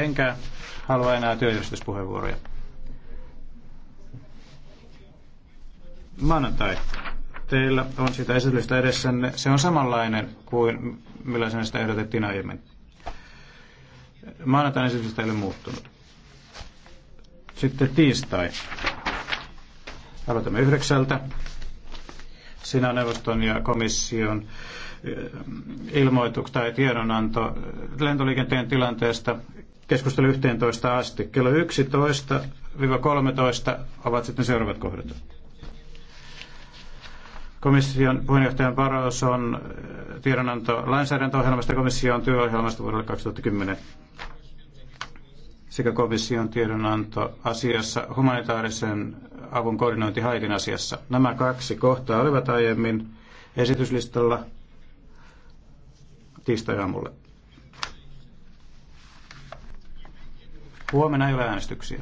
Enkä halua enää työjärjestyspuheenvuoroja. Maanantai. Teillä on sitä esitystä edessänne. Se on samanlainen kuin millaisena sitä ehdotettiin aiemmin. Maanantain esitystä ei ole muuttunut. Sitten tiistai. Aloitamme yhdeksältä. sinä neuvoston ja komission eh, ilmoituk tai tiedonanto eh, lentoliikenteen tilanteesta keskustelu 11 asti. Kello 11-13 ovat sitten seuraavat kohdat. Komission puheenjohtajan varaus on eh, tiedonanto lainsäädäntöohjelmasta ja komission työohjelmasta vuodelle 2010 sekä komission tiedonanto asiassa humanitaarisen avun koordinointi Haitin asiassa. Nämä kaksi kohtaa olivat aiemmin esityslistalla tiistai aamulle Huomenna ei ole äänestyksiä.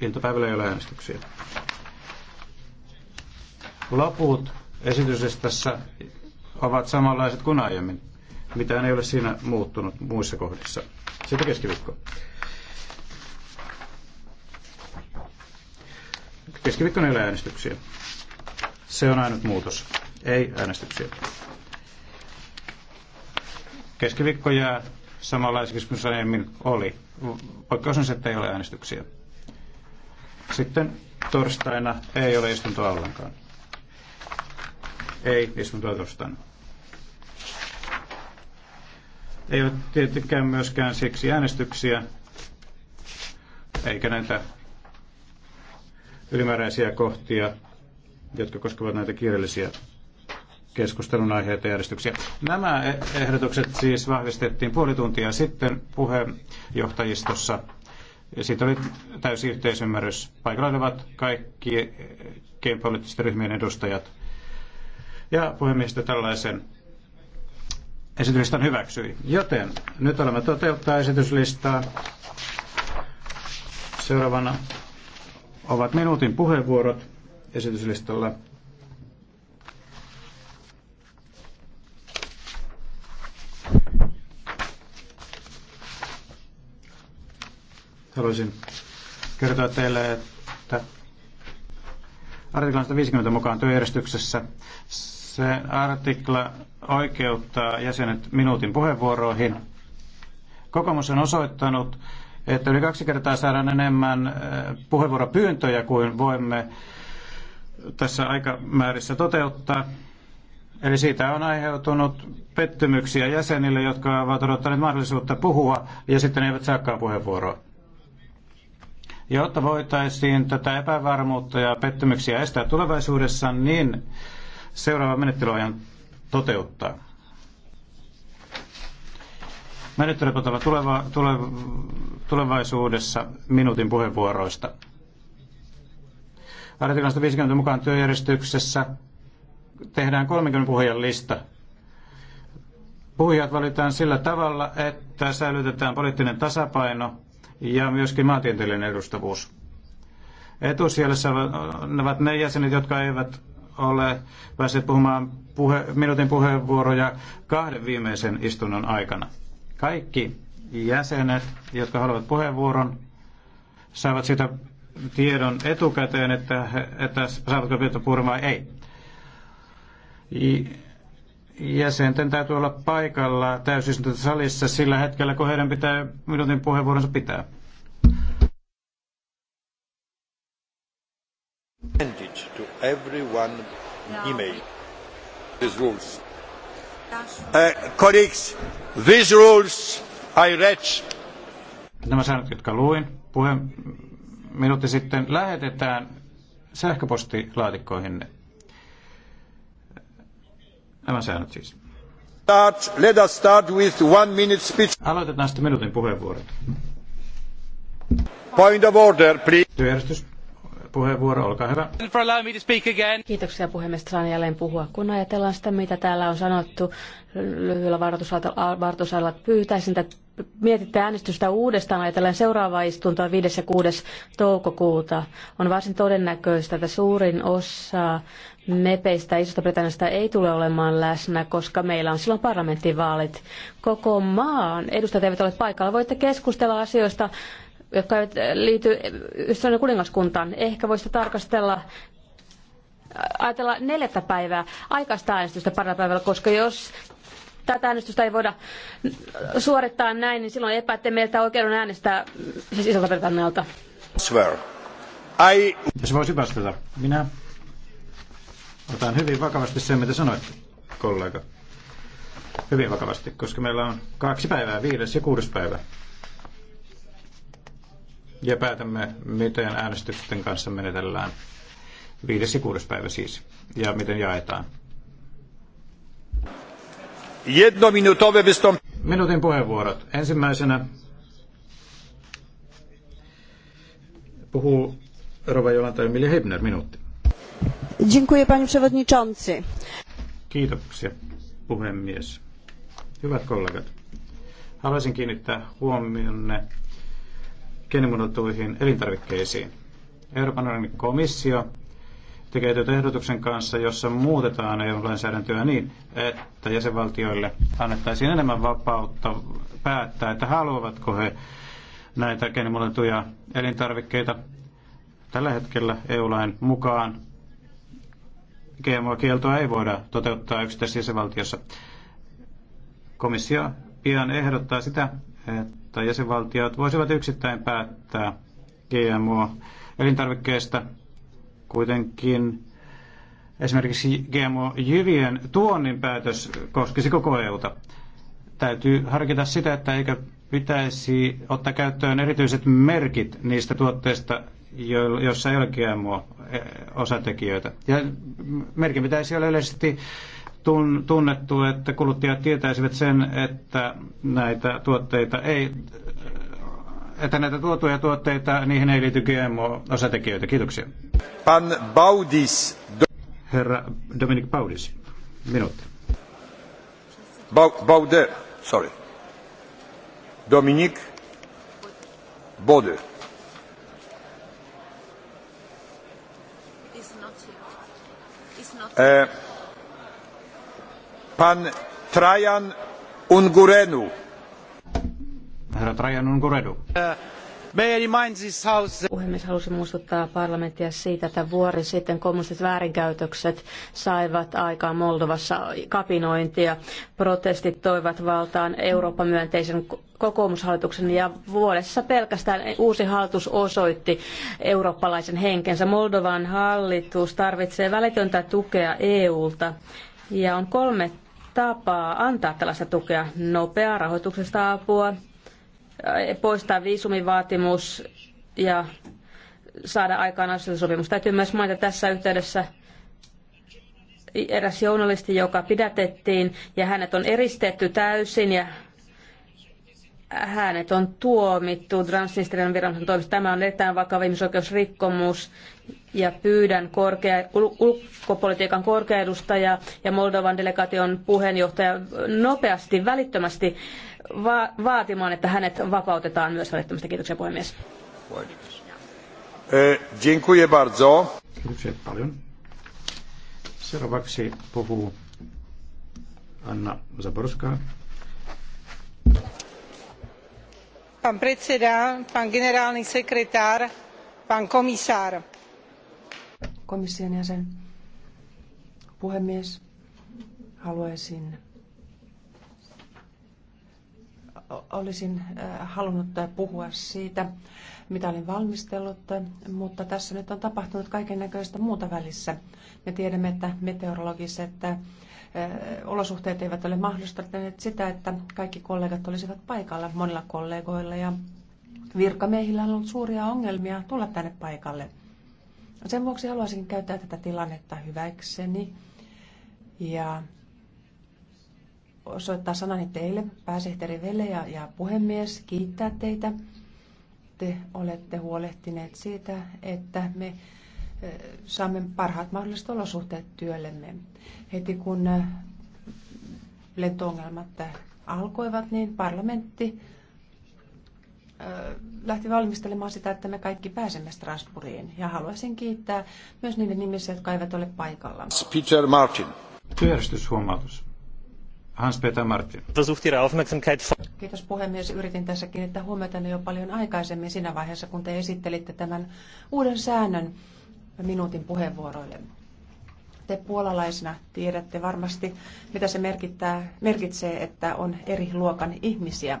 Iltapäivällä ei ole äänestyksiä. Loput esityslistassa ovat samanlaiset kuin aiemmin. Mitään ei ole siinä muuttunut muissa kohdissa. Sitten keskiviikko. Keskiviikkona ei ole äänestyksiä. Se on ainut muutos. Ei äänestyksiä. Keskiviikko jää samanlaisiksi kuin se aiemmin oli. Poikkeus on se, että ei ole äänestyksiä. Sitten torstaina ei ole istuntoa ollenkaan. Ei istuntoa torstaina. Ei ole tietenkään myöskään siksi äänestyksiä, eikä näitä ylimääräisiä kohtia, jotka koskevat näitä kirjallisia keskustelun aiheita järjestyksiä. Nämä e- ehdotukset siis vahvistettiin puoli tuntia sitten puheenjohtajistossa. Siitä oli täysi yhteisymmärrys. Paikalla olivat kaikki poliittisten ryhmien edustajat. Ja puhemiehistö tällaisen esityslistan hyväksyi. Joten nyt olemme toteuttaa esityslistaa. Seuraavana ovat minuutin puheenvuorot esityslistalla. Haluaisin kertoa teille, että artiklan 150 mukaan työjärjestyksessä se artikla oikeuttaa jäsenet minuutin puheenvuoroihin. Kokoomus on osoittanut, että yli kaksi kertaa saadaan enemmän eh, puheenvuoropyyntöjä kuin voimme tässä aikamäärissä toteuttaa. Eli siitä on aiheutunut pettymyksiä jäsenille, jotka ovat odottaneet mahdollisuutta puhua ja sitten eivät saakaan puheenvuoroa jotta voitaisiin tätä epävarmuutta ja pettymyksiä estää tulevaisuudessa, niin seuraava menettelyajan toteuttaa. Menettely ovat tuleva, tuleva tulevaisuudessa minuutin puheenvuoroista. Artiklan 50 mukaan työjärjestyksessä tehdään 30 puhujan lista. Puhujat valitaan sillä tavalla, että säilytetään poliittinen tasapaino ja myöskin maantieteellinen edustavuus. Etusielessä ovat ne jäsenet, jotka eivät ole päässeet puhumaan puhe, minuutin puheenvuoroja kahden viimeisen istunnon aikana. Kaikki jäsenet, jotka haluavat puheenvuoron, saavat sitä tiedon etukäteen, että, että saavatko pyytää puhumaan vai ei jäsenten täytyy olla paikalla täysistuntosalissa sillä hetkellä, kun heidän pitää minuutin puheenvuoronsa pitää. Send it to everyone email. These rules. Uh, colleagues, these rules I read. Nämä säännöt, jotka luin puheen minuutti sitten, lähetetään sähköpostilaatikkoihin. Nämä säännöt siis. Start, let us start with one minute speech. Aloitetaan sitten minuutin puheenvuorot. Point of order, please. Työjärjestys. Puheenvuoro, olkaa hyvä. Kiitoksia puhemies, saan jälleen puhua. Kun ajatellaan sitä, mitä täällä on sanottu lyhyellä varoitusajalla, pyytäisin, että mietitte äänestystä uudestaan ajatellen seuraavaa istuntoa 5. ja 6. toukokuuta, on varsin todennäköistä, että suurin osa mepeistä isosta britanniasta ei tule olemaan läsnä, koska meillä on silloin parlamenttivaalit. Koko maan edustajat eivät ole paikalla. Voitte keskustella asioista, jotka eivät liity ystävän kuningaskuntaan. Ehkä voisitte tarkastella ajatella neljättä päivää aikaista äänestystä parilla koska jos tätä äänestystä ei voida suorittaa näin, niin silloin epäätte meiltä oikeuden äänestää siis isolta britannialta. I... Jos voisi vastata. Minä otan hyvin vakavasti sen, mitä sanoit, kollega. Hyvin vakavasti, koska meillä on kaksi päivää, viides ja kuudes päivä. Ja päätämme, miten äänestysten kanssa menetellään. Viides ja kuudes päivä siis. Ja miten jaetaan. Jednominutowe wystąpienie. Minuutin puheenvuorot. Ensimmäisenä puhuu Rova Jolanta Emilia Hebner, minuutti. Dziękuję, panie przewodniczący. Kiitoksia, puhemies. Hyvät kollegat, haluaisin kiinnittää huomionne geenimuunneltuihin elintarvikkeisiin. Euroopan unionin komissio tekee työtä ehdotuksen kanssa, jossa muutetaan EU-lainsäädäntöä niin, että jäsenvaltioille annettaisiin enemmän vapautta päättää, että haluavatko he näitä geenimuunneltuja elintarvikkeita tällä hetkellä EU-lain mukaan. GMO-kieltoa ei voida toteuttaa yksittäisessä jäsenvaltiossa. Komissio pian ehdottaa sitä, että jäsenvaltiot voisivat yksittäin päättää GMO-elintarvikkeista Kuitenkin esimerkiksi GMO-jyvien tuonnin päätös koskisi koko EUta. Täytyy harkita sitä, että eikö pitäisi ottaa käyttöön erityiset merkit niistä tuotteista, joissa ei ole GMO-osatekijöitä. E, ja merkin pitäisi olla yleisesti tunnettu, että kuluttajat tietäisivät sen, että näitä tuotteita ei että näitä tuotuja tuotteita, niihin ei liity GMO-osatekijöitä. Kiitoksia. Pan Baudis. Herra Dominik Baudis, minuutti. Baude, sorry. Dominik Baude. Eh, pan Trajan Ungurenu. Herra Trajan Unkuredu. Puhemies halusi muistuttaa parlamenttia siitä, että vuori sitten kommunistiset väärinkäytökset saivat aikaan Moldovassa kapinointia. Protestit toivat valtaan Euroopan myönteisen kokoomushallituksen ja vuodessa pelkästään uusi hallitus osoitti eurooppalaisen henkensä. Moldovan hallitus tarvitsee välitöntä tukea EUlta ja on kolme tapaa antaa tällaista tukea. Nopeaa rahoituksesta apua, poistaa viisumivaatimus ja saada aikaan asioitussopimus. Täytyy myös mainita tässä yhteydessä eräs journalisti, joka pidätettiin ja hänet on eristetty täysin ja hänet on tuomittu Transnistrian viranomaisen toimesta. Tämä on erittäin vakava ihmisoikeusrikkomus ja pyydän korkea, ulkopolitiikan korkeaedustaja ja Moldovan delegaation puheenjohtaja nopeasti, välittömästi va- vaatimaan, että hänet vapautetaan myös välittömästä. Kiitoksia puhemies. E, dziękuję bardzo. Kiitoksia paljon. Seuraavaksi puhuu Anna Zaborska. Pan predseda, pan generálny sekretár, pan komisár. Komission jäsen, puhemies, haluaisin olisin halunnut puhua siitä, mitä olin valmistellut, mutta tässä nyt on tapahtunut kaiken näköistä muuta välissä. Me tiedämme, että meteorologiset olosuhteet eivät ole mahdollistaneet sitä, että kaikki kollegat olisivat paikalla monilla kollegoilla ja virkamiehillä on ollut suuria ongelmia tulla tänne paikalle. Sen vuoksi haluaisin käyttää tätä tilannetta hyväkseni ja osoittaa sanani teille, pääsihteeri Velle ja, ja puhemies, kiittää teitä. Te olette huolehtineet siitä, että me eh, saamme parhaat mahdolliset olosuhteet työllemme. Heti kun eh, lentoongelmat eh, alkoivat, niin parlamentti lähti valmistelemaan sitä, että me kaikki pääsemme Strasbourgiin. Ja haluaisin kiittää myös niiden nimissä, jotka eivät ole paikalla. Peter Martin. Työjärjestyshuomautus. Hans-Peter Martin. Kiitos puhemies. Yritin tässä kiinnittää huomiota jo paljon aikaisemmin siinä vaiheessa, kun te esittelitte tämän uuden säännön minuutin puheenvuoroille. Te puolalaisena tiedätte varmasti, mitä se merkittää, merkitsee, että on eri luokan ihmisiä.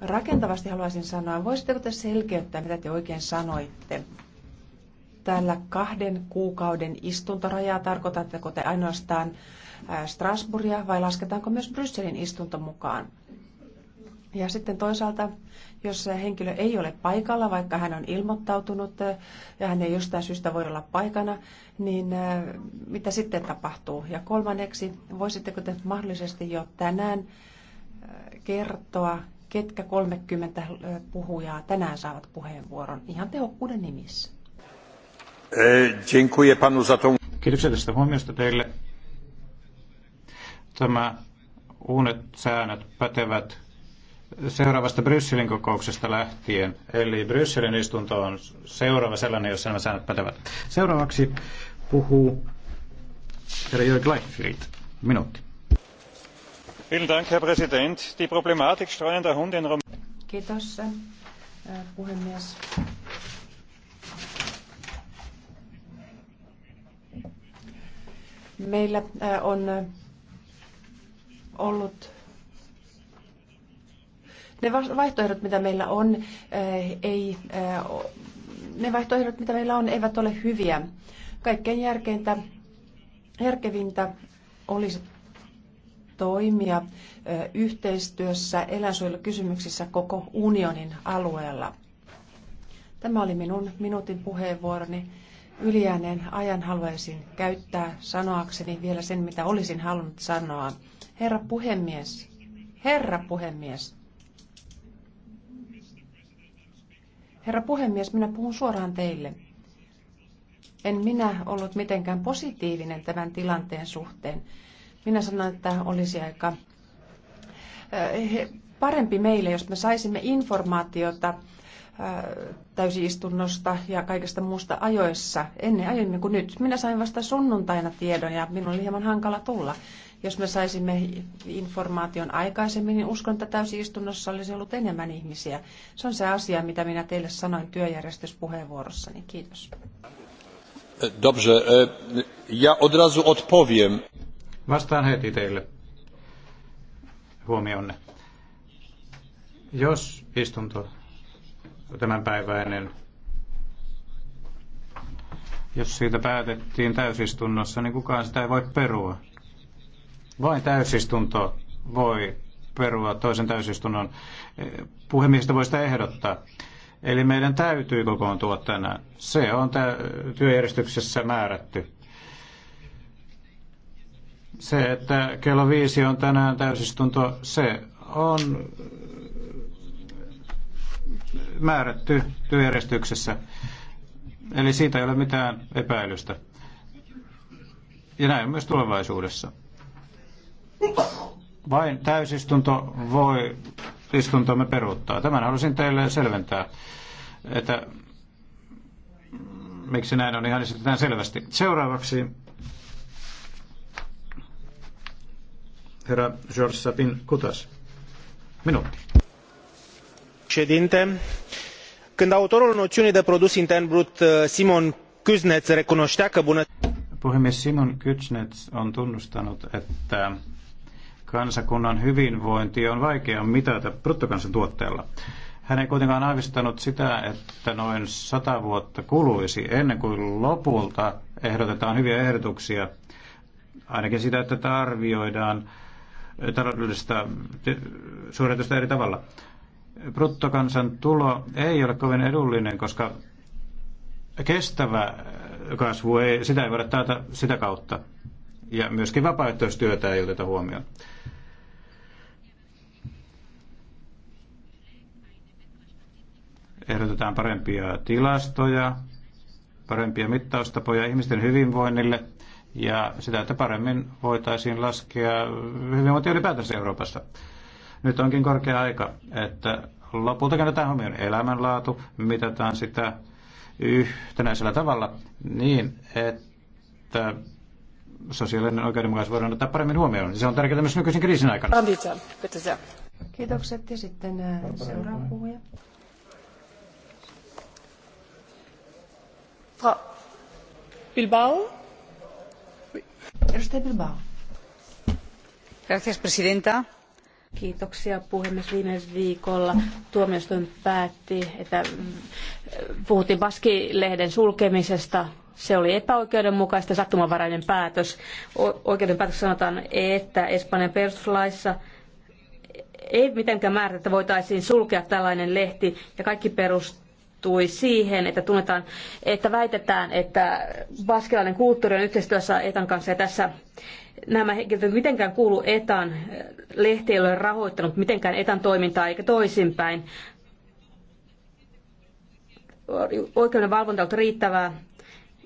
Rakentavasti haluaisin sanoa, voisitteko te selkeyttää, mitä te oikein sanoitte? tällä kahden kuukauden istuntorajaa? Tarkoitatteko te ainoastaan Strasbourgia vai lasketaanko myös Brysselin istunto mukaan? Ja sitten toisaalta, jos henkilö ei ole paikalla, vaikka hän on ilmoittautunut ja hän ei jostain syystä voi olla paikana, niin mitä sitten tapahtuu? Ja kolmanneksi, voisitteko te mahdollisesti jo tänään kertoa, ketkä 30 puhujaa tänään saavat puheenvuoron ihan tehokkuuden nimissä? E, Kiitoksia tästä huomiosta teille. Tämä uudet säännöt pätevät seuraavasta Brysselin kokouksesta lähtien. Eli Brysselin istunto on seuraava sellainen, jossa nämä säännöt pätevät. Seuraavaksi puhuu herra Jörg Leifried. Minuutti. Kiitos, äh, puhemies. Meillä on ollut ne vaihtoehdot, mitä meillä on, ei, ne vaihtoehdot, mitä meillä on, eivät ole hyviä. Kaikkein järkeintä, järkevintä olisi toimia yhteistyössä eläinsuojelukysymyksissä koko unionin alueella. Tämä oli minun minuutin puheenvuoroni ylijääneen ajan haluaisin käyttää sanoakseni vielä sen, mitä olisin halunnut sanoa. Herra puhemies, herra puhemies, herra puhemies, minä puhun suoraan teille. En minä ollut mitenkään positiivinen tämän tilanteen suhteen. Minä sanoin, että olisi aika eh, parempi meille, jos me saisimme informaatiota täysistunnosta ja kaikesta muusta ajoissa, ennen aiemmin niin kuin nyt. Minä sain vasta sunnuntaina tiedon ja minun oli hieman hankala tulla. Jos me saisimme informaation aikaisemmin, niin uskon, että täysistunnossa olisi ollut enemmän ihmisiä. Se on se asia, mitä minä teille sanoin työjärjestyspuheenvuorossani. Kiitos. Dobrze, e, ja od razu odpowiem. Vastaan heti teille huomionne. Jos istunto tämänpäiväinen, jos siitä päätettiin täysistunnossa, niin kukaan sitä ei voi perua. Vain täysistunto voi perua toisen täysistunnon. Puhemiehistä voi sitä ehdottaa. Eli meidän täytyy kokoontua tänään. Se on työjärjestyksessä määrätty. Se, että kello viisi on tänään täysistunto, se on määrätty työjärjestyksessä. Eli siitä ei ole mitään epäilystä. Ja näin myös tulevaisuudessa. Vain täysistunto voi istuntomme peruuttaa. Tämän halusin teille selventää, että miksi näin on ihan esitetään selvästi. Seuraavaksi herra George Sapin Kutas. Minuutti când autorul noțiunii de produs intern brut uh, simon kuznets recunoștea că bunăstarea Puhemies Simon Kuznets on tunnustanut, että kansakunnan hyvinvointi on vaikea mitata bruttokansantuotteella. Hän ei kuitenkaan aavistanut sitä, että noin sata vuotta kuluisi ennen kuin lopulta ehdotetaan hyviä ehdotuksia. Ainakin sitä, että arvioidaan taloudellista suoritusta eri tavalla bruttokansantulo ei ole kovin edullinen, koska kestävä kasvu, ei, sitä ei voida taata sitä kautta. Ja myöskin vapaaehtoistyötä ei oteta huomioon. Ehdotetaan parempia tilastoja, parempia mittaustapoja ihmisten hyvinvoinnille ja sitä, että paremmin voitaisiin laskea hyvinvointia ylipäätänsä Euroopassa. Nyt onkin korkea aika, että lopulta kannetaan huomioon elämänlaatu, mitataan sitä yhtenäisellä tavalla niin, että sosiaalinen oikeudenmukaisuus voidaan ottaa paremmin huomioon. Se on tärkeää myös nykyisen kriisin aikana. Kiitokset ja sitten äh, seuraava puhuja. Frau Bilbao. Edustaja Bilbao. Gracias, presidenta Kiitoksia puhemies. Viime viikolla tuomioistuin päätti, että puhuttiin Baski-lehden sulkemisesta. Se oli epäoikeudenmukaista sattumanvarainen päätös. Oikeuden päätös sanotaan, että Espanjan perustuslaissa ei mitenkään määrä, että voitaisiin sulkea tällainen lehti ja kaikki perustui siihen, että tunnetaan, että väitetään, että baskilainen kulttuuri on yhteistyössä Etan kanssa ja tässä nämä henkilöt eivät mitenkään kuulu etan, eh, lehti ei ole rahoittanut mitenkään etan toimintaa eikä toisinpäin. Oikeuden valvonta on riittävää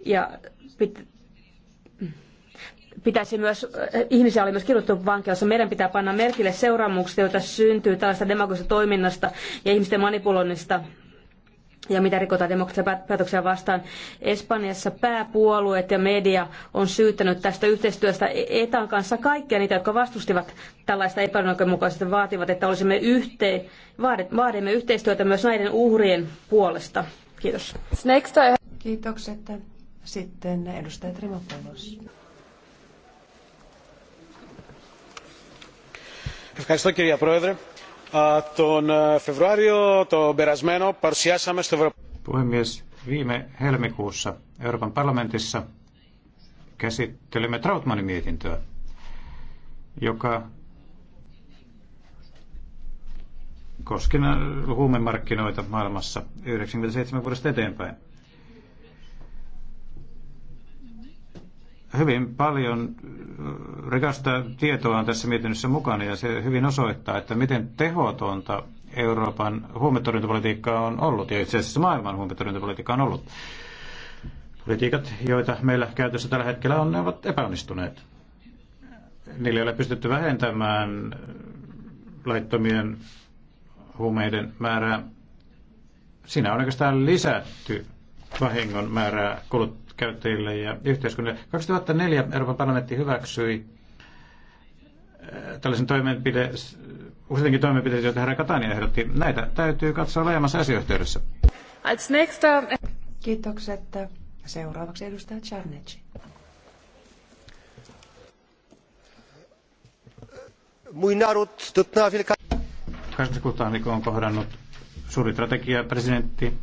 ja pit- pitäisi myös, eh, ihmisiä oli myös kirjoitettu vankilassa. Meidän pitää panna merkille seuraamukset, joita syntyy tällaista demagogista toiminnasta ja ihmisten manipuloinnista ja mitä rikotaan demokraattisia päätöksiä vastaan. Espanjassa pääpuolueet ja media on syyttänyt tästä yhteistyöstä e- ETAn kanssa kaikkia niitä, jotka vastustivat tällaista epäoikeudenmukaisuutta vaativat, että olisimme yhteen, vaadimme yhteistyötä myös näiden uhrien puolesta. Kiitos. Kiitokset. Sitten edustaja Trimopoulos. Ευχαριστώ κυρία Πρόεδρε. Τον Φεβρουάριο το περασμένο παρουσιάσαμε στο Ευρωπαϊκό... Puhemies, viime helmikuussa Euroopan parlamentissa käsittelemme Trautmanin mietintöä, joka koski huumemarkkinoita maailmassa 97 vuodesta eteenpäin. hyvin paljon äh, rikasta tietoa on tässä mietinnössä mukana ja se hyvin osoittaa, että miten tehotonta Euroopan huumetorjuntapolitiikka on ollut ja itse asiassa maailman huumetorjuntapolitiikka on ollut. Politiikat, joita meillä käytössä tällä hetkellä on, ne ovat epäonnistuneet. Niillä ei ole pystytty vähentämään laittomien huumeiden määrää. Siinä on oikeastaan lisätty vahingon määrää kulut käyttäjille ja yhteiskunnille. 2004 Euroopan parlamentti hyväksyi äh, tällaisen toimenpide, useinkin toimenpiteet, joita herra Katainen ehdotti. Näitä täytyy katsoa laajemmassa asioyhteydessä. Kiitokset. Seuraavaksi edustaja Czarnecki. Mój naród dotknęła wielka... on kohdannut suuri strategia. Presidentti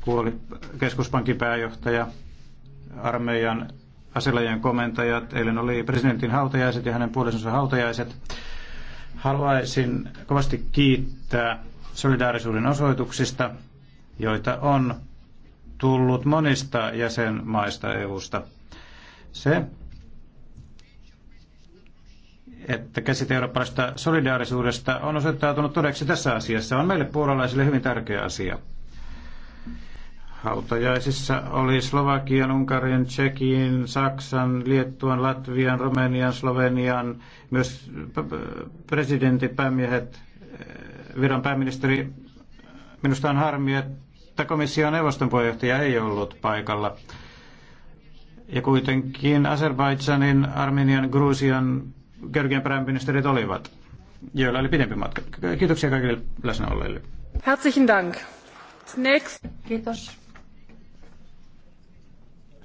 kuoli, keskuspankin pääjohtaja, armeijan aselajien komentajat. Eilen oli presidentin hautajaiset ja hänen puolisonsa hautajaiset. Haluaisin kovasti kiittää solidaarisuuden osoituksista, joita on tullut monista jäsenmaista EUsta. Se, että käsite eurooppalaisesta solidaarisuudesta on osoittautunut todeksi tässä asiassa, on meille puolalaisille hyvin tärkeä asia. Hautajaisissa oli Slovakian, Unkarin, Tsekin, Saksan, Liettuan, Latvian, Romanian, Slovenian, myös presidentin päämiehet, eh, viran pääministeri. Minusta on harmi, että komission neuvoston puheenjohtaja ei ollut paikalla. Ja kuitenkin Azerbaidžanin, Armenian, Gruusian, Georgian pääministerit olivat, joilla oli pidempi matka. Kiitoksia kaikille läsnäolleille. Herzlichen Dank. Next. Kiitos.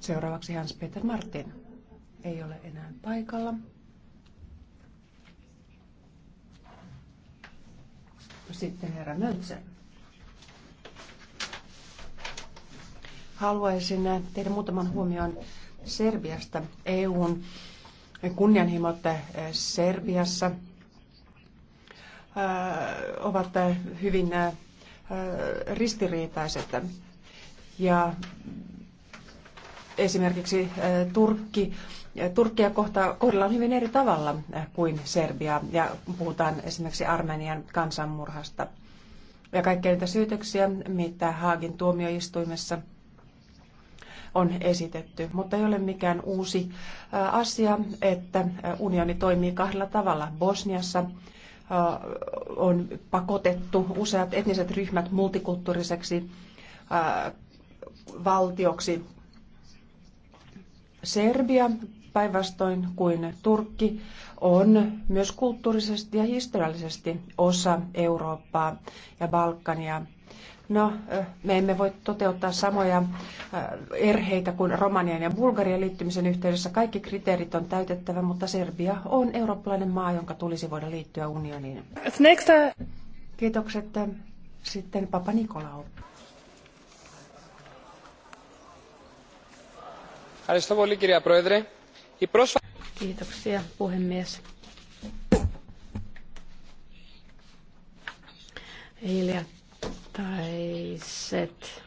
Seuraavaksi Hans-Peter Martin. Ei ole enää paikalla. Sitten herra Möltsä. Haluaisin tehdä muutaman huomion Serbiasta. EUn kunnianhimot eh, Serbiassa eh, ovat eh, hyvin ristiriitaiset. Ja esimerkiksi äh, Turkki, äh, Turkkia kohta, kohdellaan hyvin eri tavalla äh, kuin Serbia ja puhutaan esimerkiksi Armenian kansanmurhasta. Ja kaikkia niitä syytöksiä, mitä Haagin tuomioistuimessa on esitetty. Mutta ei ole mikään uusi asia, että unioni toimii kahdella tavalla. Bosniassa on pakotettu useat etniset ryhmät multikulttuuriseksi valtioksi Serbia, päinvastoin kuin Turkki, on myös kulttuurisesti ja historiallisesti osa Eurooppaa ja Balkania. No, me emme voi toteuttaa samoja erheitä kuin Romanian ja Bulgarian liittymisen yhteydessä. Kaikki kriteerit on täytettävä, mutta Serbia on eurooppalainen maa, jonka tulisi voida liittyä unioniin. Uh, Kiitokset. Sitten Papa Nikolaou. Kiitoksia puhemies. Hiljattaiset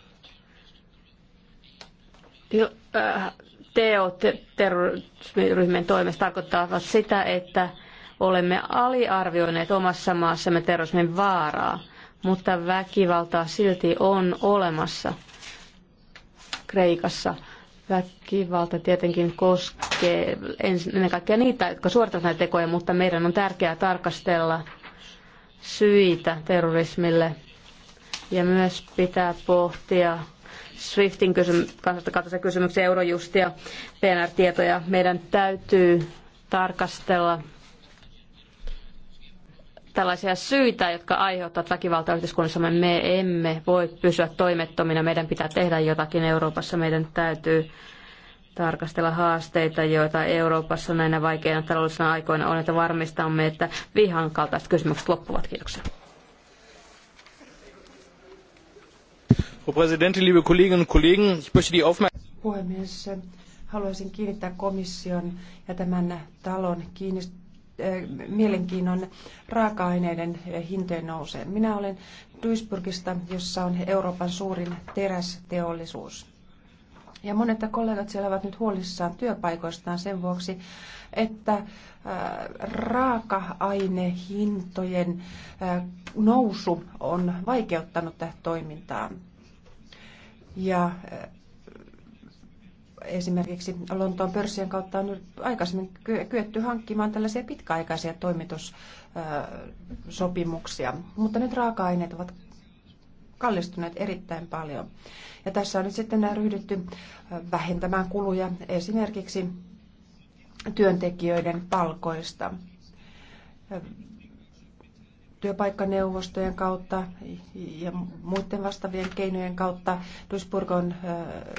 äh, teot terrorismin toimesta tarkoittavat sitä, että olemme aliarvioineet omassa maassamme terrorismin vaaraa, mutta väkivaltaa silti on olemassa Kreikassa – Väkivalta tietenkin koskee ennen kaikkea niitä, jotka suorittavat näitä tekoja, mutta meidän on tärkeää tarkastella syitä terrorismille ja myös pitää pohtia Swiftin kysym- kansalta kysymyksiä, Eurojustia, PNR-tietoja. Meidän täytyy tarkastella tällaisia syitä, jotka aiheuttavat väkivaltaa yhteiskunnassamme. Me emme voi pysyä toimettomina. Meidän pitää tehdä jotakin Euroopassa. Meidän täytyy tarkastella haasteita, joita Euroopassa näinä vaikeina taloudellisina aikoina on, että varmistamme, että vihan kaltaiset kysymykset loppuvat. Kiitoksia. liebe Kolleginnen Kollegen, ich möchte die Aufmerksamkeit... Puhemies, haluaisin kiinnittää komission ja tämän talon kiinnittää Eh, mielenkiinnon raaka-aineiden hintojen nouseen. Minä olen Duisburgista, jossa on Euroopan suurin terästeollisuus. Ja monet kollegat siellä ovat nyt huolissaan työpaikoistaan sen vuoksi, että eh, raaka-ainehintojen eh, nousu on vaikeuttanut tätä toimintaa. Ja esimerkiksi Lontoon pörssien kautta on aikaisemmin kyetty hankkimaan tällaisia pitkäaikaisia toimitussopimuksia, mutta nyt raaka-aineet ovat kallistuneet erittäin paljon. Ja tässä on nyt sitten ryhdytty vähentämään kuluja esimerkiksi työntekijöiden palkoista työpaikkaneuvostojen kautta ja muiden vastaavien keinojen kautta Duisburg on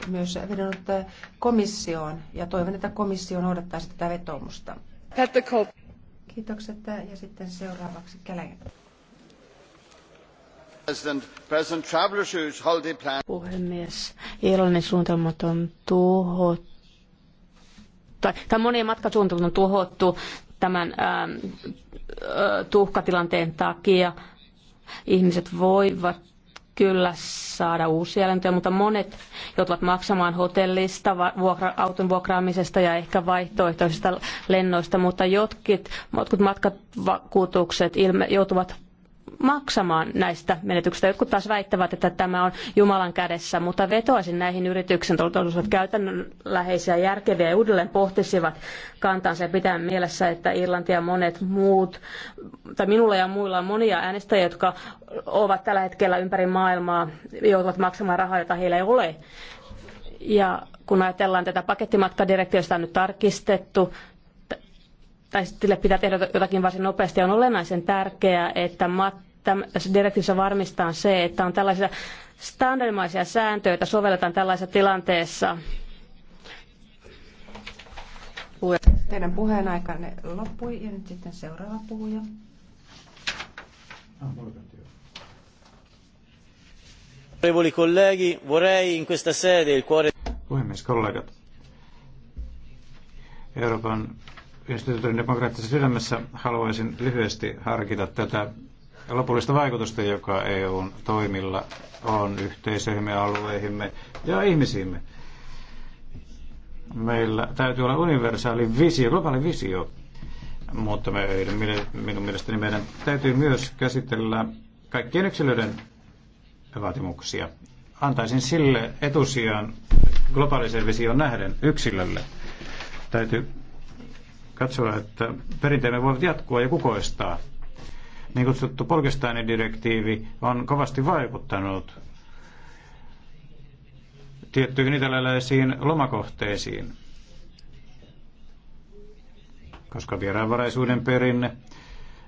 myös vedonnut komissioon ja toivon, että komissio noudattaisi tätä vetoomusta. Kiitokset ja sitten seuraavaksi Käläjä. Puhemies, Irlannin suunnitelmat on tuhottu, tai, tai monien matkasuunnitelmat on tuhottu tämän ähm, tuhkatilanteen takia ihmiset voivat kyllä saada uusia lentoja, mutta monet joutuvat maksamaan hotellista, vuokra, auton vuokraamisesta ja ehkä vaihtoehtoisista lennoista, mutta jotkut, matkavakuutukset ilme, joutuvat maksamaan näistä menetyksistä. Jotkut taas väittävät, että tämä on Jumalan kädessä, mutta vetoaisin näihin yrityksiin, jotka olisivat käytännönläheisiä, järkeviä ja uudelleen pohtisivat kantansa ja pitää mielessä, että Irlanti ja monet muut, tai minulla ja muilla on monia äänestäjiä, jotka ovat tällä hetkellä ympäri maailmaa, joutuvat maksamaan rahaa, jota heillä ei ole. Ja kun ajatellaan tätä pakettimatkadirektiivistä on nyt tarkistettu, tai sille pitää tehdä jotakin varsin nopeasti. On olennaisen tärkeää, että mat- tässä direktiivissä varmistaa se, että on tällaisia standardimaisia sääntöjä, joita sovelletaan tällaisessa tilanteessa. Teidän puheen aikanne loppui ja nyt sitten seuraava puhuja. Onorevoli colleghi, vorrei in questa sede il cuore... Puhemies, kollegat. Euroopan instituutin demokraattisessa sydämessä haluaisin lyhyesti harkita tätä lopullista vaikutusta, joka EUn toimilla on yhteisöihimme, alueihimme ja ihmisiimme. Meillä täytyy olla universaali visio, globaali visio, mutta meidän, minun mielestäni meidän täytyy myös käsitellä kaikkien yksilöiden vaatimuksia. Antaisin sille etusijan globaalisen vision nähden yksilölle. Täytyy katsoa, että perinteemme voivat jatkua ja kukoistaa niin kutsuttu Polkestainen direktiivi on kovasti vaikuttanut tiettyihin italialaisiin lomakohteisiin, koska vieraanvaraisuuden perinne,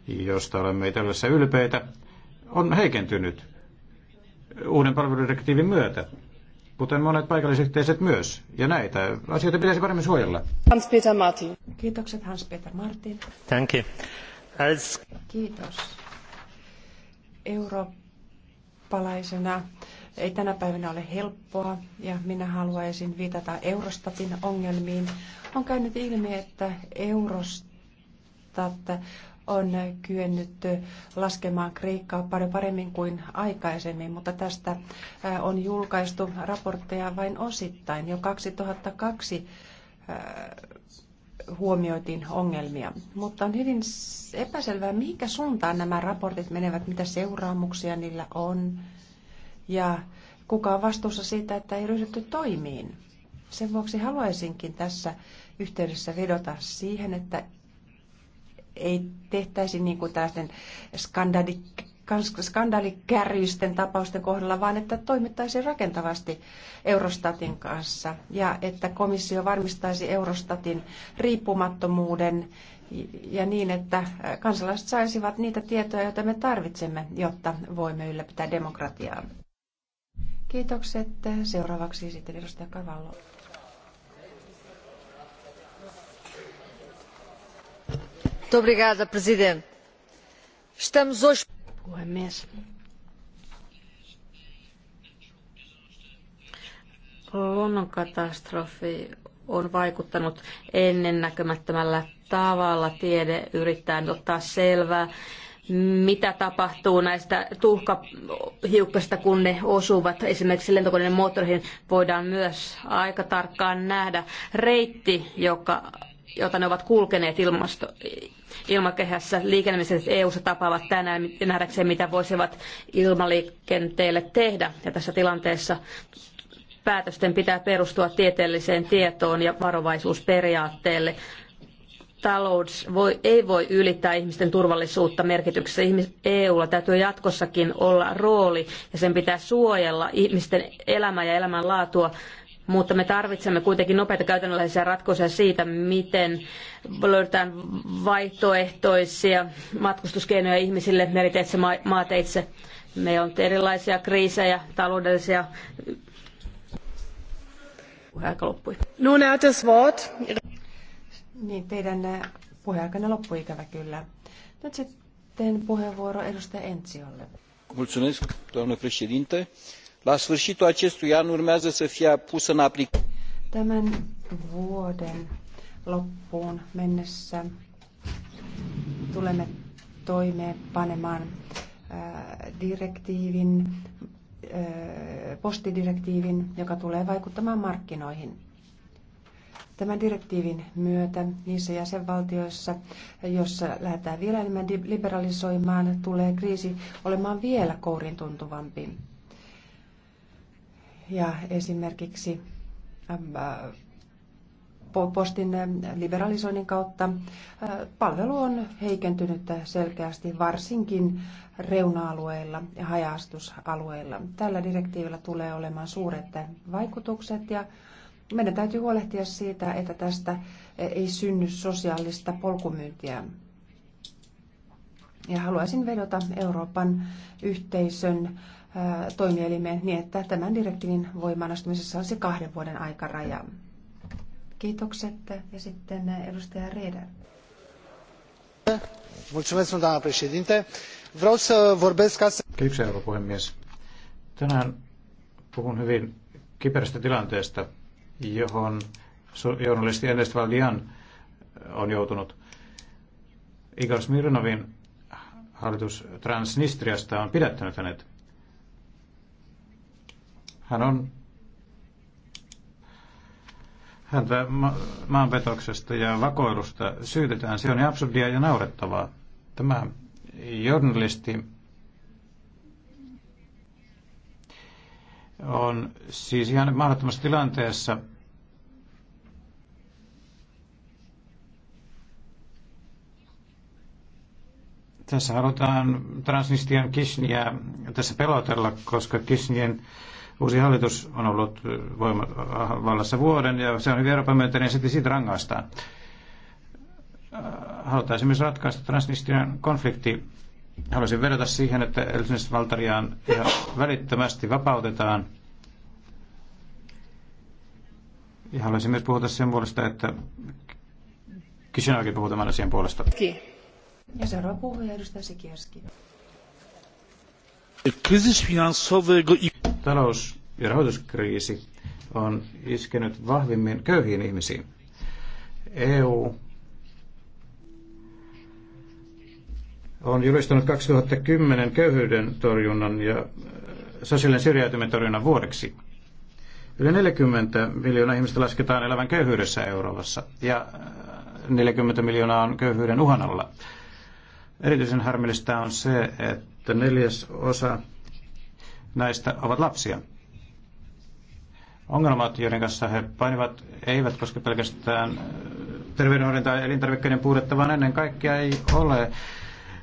josta olemme Italiassa ylpeitä, on heikentynyt uuden palveludirektiivin myötä, kuten monet paikallisyhteiset myös. Ja näitä asioita pitäisi paremmin suojella. Hans-Peter Martin. Kiitokset Hans-Peter Martin. Thank you. Kiitos. Eurooppalaisena ei tänä päivänä ole helppoa ja minä haluaisin viitata Eurostatin ongelmiin. On käynyt ilmi, että Eurostat on kyennyt laskemaan Kreikkaa paljon paremmin kuin aikaisemmin, mutta tästä äh, on julkaistu raportteja vain osittain. Jo 2002 huomioitiin ongelmia. Mutta on hyvin epäselvää, mihinkä suuntaan nämä raportit menevät, mitä seuraamuksia niillä on ja kuka on vastuussa siitä, että ei ryhdytty toimiin. Sen vuoksi haluaisinkin tässä yhteydessä vedota siihen, että ei tehtäisi niin kuin tällaisten skandali, skandaalikärjisten tapausten kohdalla, vaan että toimittaisiin rakentavasti Eurostatin kanssa ja että komissio varmistaisi Eurostatin riippumattomuuden ja niin, että kansalaiset saisivat niitä tietoja, joita me tarvitsemme, jotta voimme ylläpitää demokratiaa. Kiitokset. Seuraavaksi sitten edustaja Kavallo. Obrigada, presidente. Estamos hoje puhemies. Luonnonkatastrofi on vaikuttanut ennennäkemättömällä tavalla. Tiede yrittää ottaa selvää, mitä tapahtuu näistä tuhkahiukkasta, kun ne osuvat esimerkiksi lentokoneen moottoreihin Voidaan myös aika tarkkaan nähdä reitti, joka jota ne ovat kulkeneet ilmasto, ilmakehässä. Liikennemiset EU-ssa tapaavat tänään nähdäkseen, mitä voisivat ilmaliikenteelle tehdä. Ja tässä tilanteessa päätösten pitää perustua tieteelliseen tietoon ja varovaisuusperiaatteelle. Talous voi, ei voi ylittää ihmisten turvallisuutta merkityksessä. Ihmis, EUlla täytyy jatkossakin olla rooli ja sen pitää suojella ihmisten elämää ja elämänlaatua mutta me tarvitsemme kuitenkin nopeita käytännöllisiä ratkaisuja siitä, miten löydetään vaihtoehtoisia matkustuskeinoja ihmisille meriteitse maateitse. Meillä on erilaisia kriisejä, taloudellisia puheaika loppui. No är det Niin, teidän äh, puheaikanne loppui ikävä kyllä. Nyt sitten puheenvuoro edustaja Entsiolle. Mulțumesc, doamnă președinte la sfâritul acestui an urmează să fie pusă în aplicare tämän vuoden loppuun mennessä tulemme toimeenpanemaan direktiivin, postidirektiivin, joka tulee vaikuttamaan markkinoihin. Tämän direktiivin myötä niissä jäsenvaltioissa, joissa lähdetään vielä enemmän liberalisoimaan, tulee kriisi olemaan vielä kourin tuntuvampi ja esimerkiksi ähm, äh, postin äh, liberalisoinnin kautta äh, palvelu on heikentynyt selkeästi varsinkin reuna-alueilla ja haja-astusalueilla. Tällä direktiivillä tulee olemaan suuret vaikutukset ja meidän täytyy huolehtia siitä, että tästä ei synny sosiaalista polkumyyntiä. Ja haluaisin vedota Euroopan yhteisön toimielimeen niin, että tämän direktiivin voimaanastumisessa olisi kahden vuoden aikaraja. Kiitokset ja sitten edustaja Reeder. Mulțumesc, doamna președinte. Vreau să vorbesc Kiitoksia, herra puhemies. Tänään puhun hyvin kiperästä tilanteesta, johon journalisti Ernest Valdian on joutunut. Igor Smirnovin hallitus Transnistriasta on pidättänyt hänet hän on häntä ma- maanpetoksesta ja vakoilusta syytetään. Se on absurdia ja naurettavaa. Tämä journalisti on siis ihan mahdottomassa tilanteessa. Tässä halutaan transnistian kisniä, tässä pelotella, koska kisnien Uusi hallitus on ollut voima, äh, vallassa vuoden ja se on hyvin Euroopan myönteinen, sitten siitä rangaistaan. Äh, haluaisin myös ratkaista transnistrian konflikti. Haluaisin vedota siihen, että Elsnes Valtariaan ihan välittömästi vapautetaan. Ja haluaisin myös puhuta sen puolesta, että kysyn oikein puhutamaan asian puolesta. Ki. Ja seuraava puhuja edustaja Sikierski kryzys finansowy i talous- ja rahoituskriisi on iskenyt vahvimmin köyhiin ihmisiin. EU on julistanut 2010 köyhyyden torjunnan ja äh, sosiaalinen syrjäytymisen torjunnan vuodeksi. Yli 40 miljoonaa ihmistä lasketaan elävän köyhyydessä Euroopassa ja 40 äh, miljoonaa on köyhyyden uhan alla. Erityisen harmillista on se, että neljäs osa näistä ovat lapsia. Ongelmat, joiden kanssa he painivat, eivät koske pelkästään äh, terveydenhoidon tai elintarvikkeiden puudetta, vaan ennen kaikkea ei ole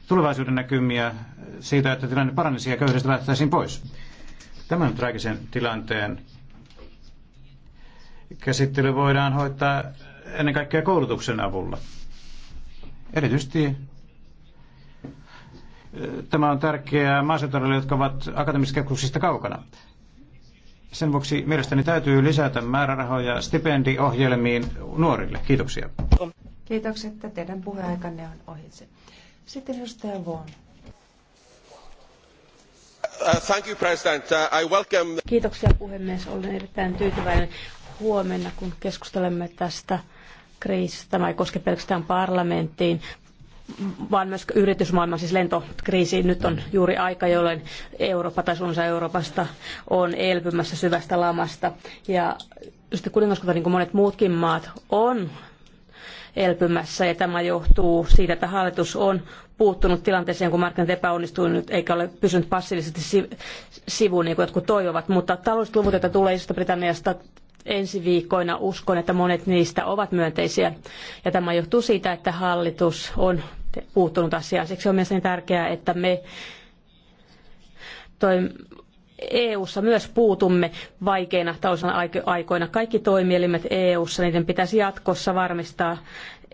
tulevaisuuden näkymiä siitä, että tilanne paranisi ja köyhdestä lähtäisiin pois. Tämän traagisen tilanteen käsittely voidaan hoitaa ennen kaikkea koulutuksen avulla. Erityisesti Tämä on tärkeää maaseutualueille, jotka ovat akateemiskeskuksista kaukana. Sen vuoksi mielestäni täytyy lisätä määrärahoja stipendiohjelmiin nuorille. Kiitoksia. Kiitokset, että teidän puheaikanne on ohitse. Sitten edustaja Vuon. Uh, uh, Kiitoksia puhemies. Olen erittäin tyytyväinen huomenna, kun keskustelemme tästä kriisistä. Tämä ei koske pelkästään parlamenttiin, vaan myös yritysmaailman, siis lentokriisi. Nyt on juuri aika, jolloin Eurooppa tai suunsa Euroopasta on elpymässä syvästä lamasta. Ja sitten kuningaskunta, niin kuin monet muutkin maat, on elpymässä ja tämä johtuu siitä, että hallitus on puuttunut tilanteeseen, kun markkinat epäonnistuivat eikä ole pysynyt passiivisesti sivuun, niin kuin jotkut toivovat. Mutta taloudelliset luvut, joita tulee Isosta Britanniasta ensi viikkoina, uskon, että monet niistä ovat myönteisiä. Ja tämä johtuu siitä, että hallitus on puuttunut asiaan. Siksi on mielestäni tärkeää, että me toi, EU-ssa myös puutumme vaikeina taloudellisina aikoina. Kaikki toimielimet EU-ssa, niiden pitäisi jatkossa varmistaa,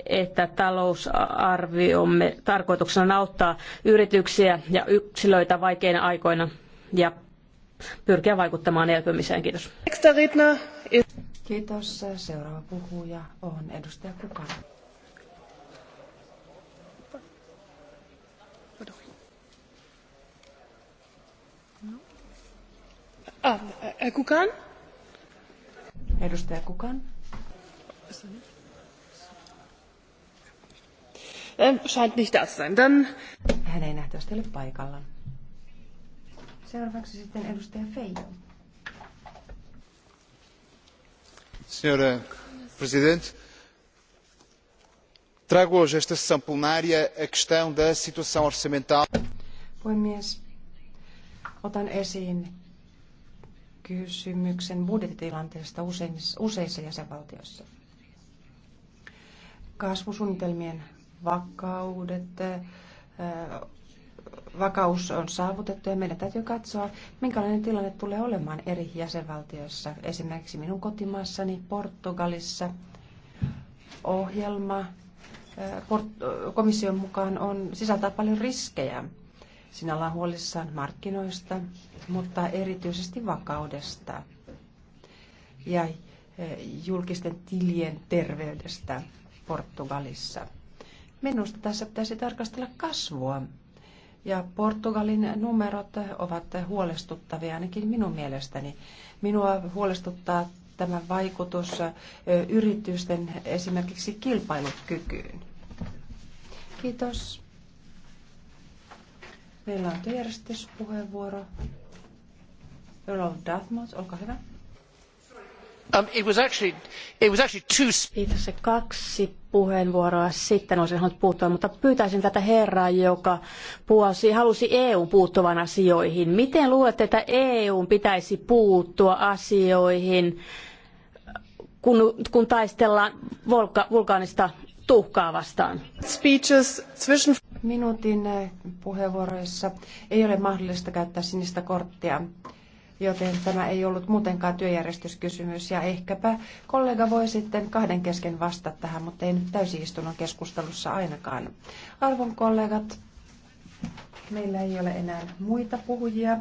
että talousarviomme tarkoituksena on auttaa yrityksiä ja yksilöitä vaikeina aikoina ja pyrkiä vaikuttamaan elpymiseen. Kiitos. Kiitos. Seuraava puhuja on edustaja Kukana. Ah, eh, kukaan? Edustaja Kukan. Ähm, scheint nicht da sein. Dann... Hän ei nähtävästi ole paikalla. Seuraavaksi sitten edustaja Feijo. Senhora Presidente, trago hoje esta sessão plenária a questão da situação orçamental. Puhemies, otan esiin kysymyksen budjettitilanteesta useissa jäsenvaltioissa. Kasvusuunnitelmien vakaudet, äh, vakaus on saavutettu ja meidän täytyy katsoa, minkälainen tilanne tulee olemaan eri jäsenvaltioissa. Esimerkiksi minun kotimaassani Portugalissa ohjelma äh, äh, komission mukaan on, sisältää paljon riskejä sinä ollaan huolissaan markkinoista, mutta erityisesti vakaudesta ja eh, julkisten tilien terveydestä Portugalissa. Minusta tässä pitäisi tarkastella kasvua. Ja Portugalin numerot ovat huolestuttavia ainakin minun mielestäni. Minua huolestuttaa tämä vaikutus eh, yritysten esimerkiksi kilpailukykyyn. Kiitos. Meillä on työjärjestyspuheenvuoro. Earl Dartmouth, olkaa hyvä. Um, it was actually, it was actually two... Itse asiassa kaksi puheenvuoroa sitten olisin halunnut puuttua, mutta pyytäisin tätä herraa, joka puolsi, halusi EU puuttuvan asioihin. Miten luulette, että EU pitäisi puuttua asioihin, kun, kun taistellaan vulka, vulkaanista tuhkaa vastaan? Speeches zwischen minuutin eh, puheenvuoroissa ei ole mahdollista käyttää sinistä korttia, joten tämä ei ollut muutenkaan työjärjestyskysymys. Ja ehkäpä kollega voi sitten kahden kesken vastata tähän, mutta ei nyt täysistunnon keskustelussa ainakaan. Arvon kollegat, meillä ei ole enää muita puhujia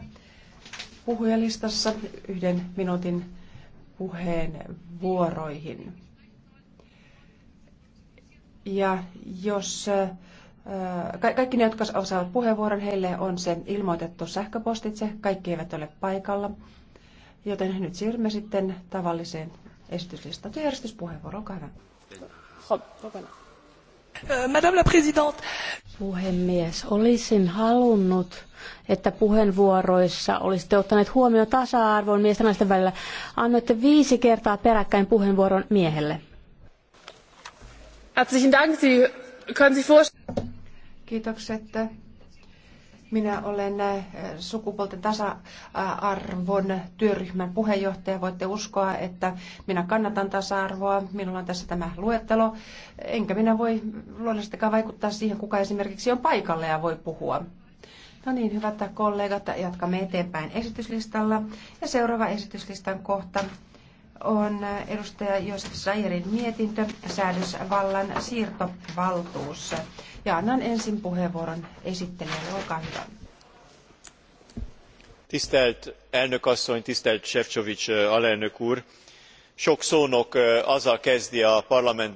puhujalistassa yhden minuutin puheen vuoroihin. Ja jos eh, kaikki ne, jotka osaavat puheenvuoron, heille on se ilmoitettu sähköpostitse. Kaikki eivät ole paikalla. Joten nyt siirrymme sitten tavalliseen esityslistaan. Työjärjestyspuheenvuoro, olkaa hyvä. Madame la Présidente. Puhemies, olisin halunnut, että puheenvuoroissa olisitte ottaneet huomioon tasa-arvon miesten ja naisten välillä. Annoitte viisi kertaa peräkkäin puheenvuoron miehelle. Herzlichen Dank. Sie können sich vorstellen. Kiitokset. Minä olen äh, sukupuolten tasa-arvon työryhmän puheenjohtaja. Voitte uskoa, että minä kannatan tasa-arvoa. Minulla on tässä tämä luettelo. Enkä minä voi luonnollisestikaan vaikuttaa siihen, kuka esimerkiksi on paikalla ja voi puhua. No niin, hyvät kollegat, jatkamme eteenpäin esityslistalla. Ja seuraava esityslistan kohta on äh, edustaja Josef Sayerin mietintö, säädösvallan siirtovaltuus. Ja annan ensin puheenvuoron esittelijälle. Olkaa hyvä. Tisztelt elnök asszony, tisztelt Sefcovics alelnök úr! Sok szónok azzal kezdi a parlament